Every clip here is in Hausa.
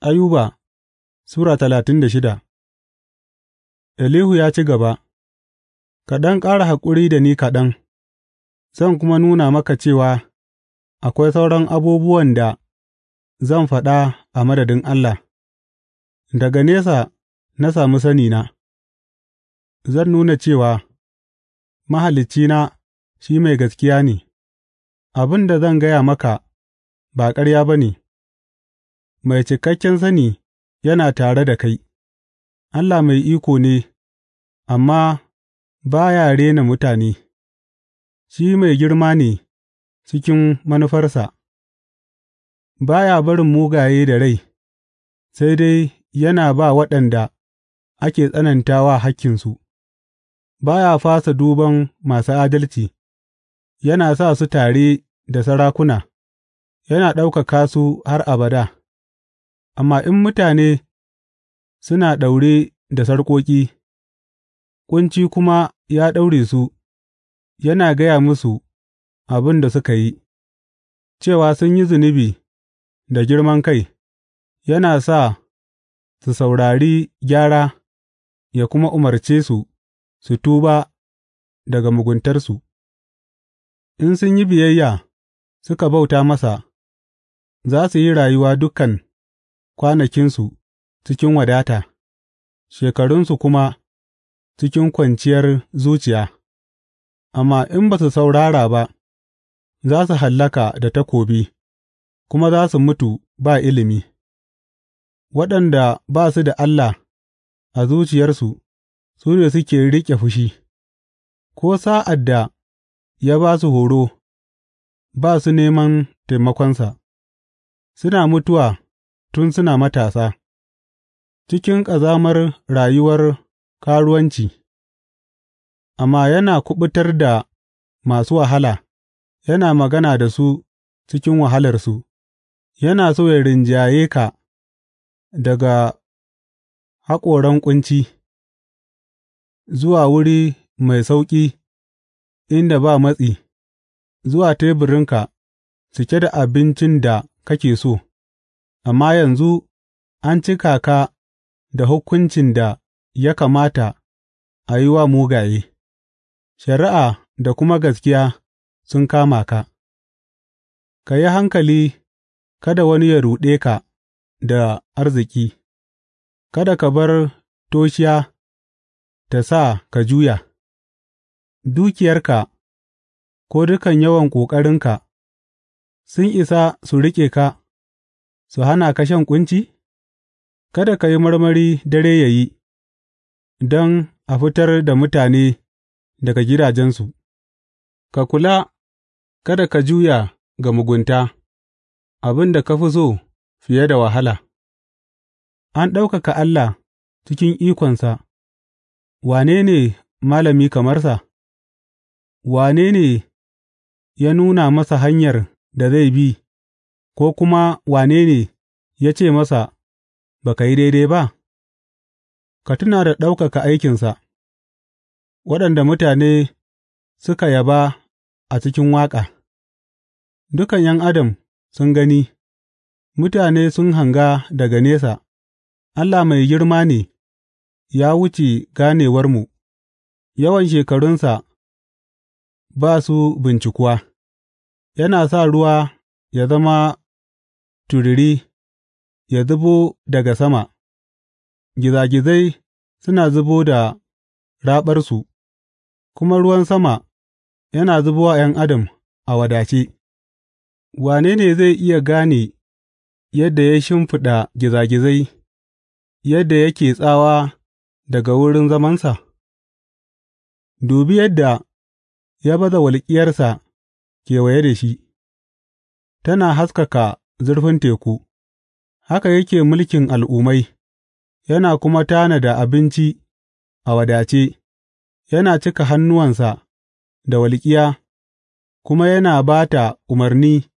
Ayuba Sura talatin da shida Elihu ya ci gaba, Kaɗan ƙara haƙuri da ni kaɗan, zan kuma nuna maka cewa akwai sauran abubuwan da zan faɗa a madadin Allah, daga nesa na sami na. zan nuna cewa Mahaliccina shi mai gaskiya ne, abin da zan gaya maka ba ƙarya ba ne. mai cikakken sani yana tare da kai, Allah mai iko ne, amma ba ya rena mutane, shi mai girma ne cikin manufarsa, ba ya barin mugaye da rai, sai dai yana ba waɗanda ake tsanantawa hakkinsu, ba ya fasa duban masu adalci, yana sa su tare da sarakuna, yana ɗaukaka su har abada. Amma in mutane suna daure da sarƙoƙi, ƙunci kuma ya daure su, yana gaya musu abin da suka yi, cewa sun yi zunubi da girman kai, yana sa su saurari gyara ya kuma umarce su su tuba daga muguntarsu, in sun yi biyayya suka bauta masa, za su yi rayuwa dukan. kwanakinsu cikin wadata, shekarunsu kuma cikin kwanciyar zuciya, amma in ba su saurara ba, za su hallaka da takobi, kuma za su mutu ba ilimi. Waɗanda ba su da Allah a zuciyarsu, su ne suke riƙe fushi, ko sa'ad da ya ba su horo, ba su neman taimakonsa, suna mutuwa tun suna matasa, cikin ƙazamar rayuwar karuwanci, amma yana kuɓutar da masu wahala, yana magana da su cikin wahalarsu, yana so ya rinjaye ka daga haƙoran ƙunci zuwa wuri mai sauƙi inda ba matsi, zuwa teburinka cike da abincin da kake so. amma yanzu an cika ka da hukuncin da ya kamata a yi wa mugaye, shari'a da kuma gaskiya sun kama ka, ka yi hankali kada wani ya ruɗe ka da arziki, kada ka bar toshiya ta sa ka juya, dukiyarka ko dukan yawan ƙoƙarinka sun isa su riƙe ka. su hana ka shan ƙunci? Kada ka yi marmari dare ya yi, don a fitar da mutane daga gidajensu, ka kula kada ka juya ga mugunta, abin da ka fi so fiye da wahala. An ɗaukaka Allah cikin ikonsa, wane ne malami kamarsa? Wane ne ya nuna masa hanyar da zai bi? ko kuma wane ne ya ce masa, Ba ka yi daidai ba, ka tuna da ɗaukaka aikinsa, waɗanda mutane suka yaba a cikin waƙa, dukan ’yan adam sun gani, mutane sun hanga daga nesa, Allah mai girma ne, ya wuce ganewarmu, yawan shekarunsa ba su bincikuwa, yana sa ruwa ya zama tururi ya zubo daga sama, gizagizai suna zubo da raɓarsu, kuma ruwan sama yana zubo a ’yan adam a wadace, wane ne zai iya gane yadda ya shimfiɗa gizagizai, yadda yake tsawa daga wurin zamansa? Dubi yadda ya baza walƙiyarsa kewaye da shi, tana haskaka zurfin teku, haka yake mulkin al'ummai, yana kuma tanada abinci a wadace, yana cika hannuwansa da walƙiya, kuma yana ba ta umarni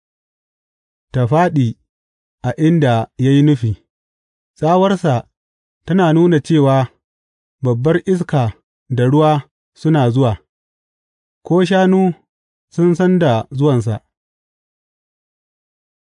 ta fāɗi a inda ya yi nufi, tsawarsa tana nuna cewa babbar iska da ruwa suna zuwa, ko shanu sun san da zuwansa.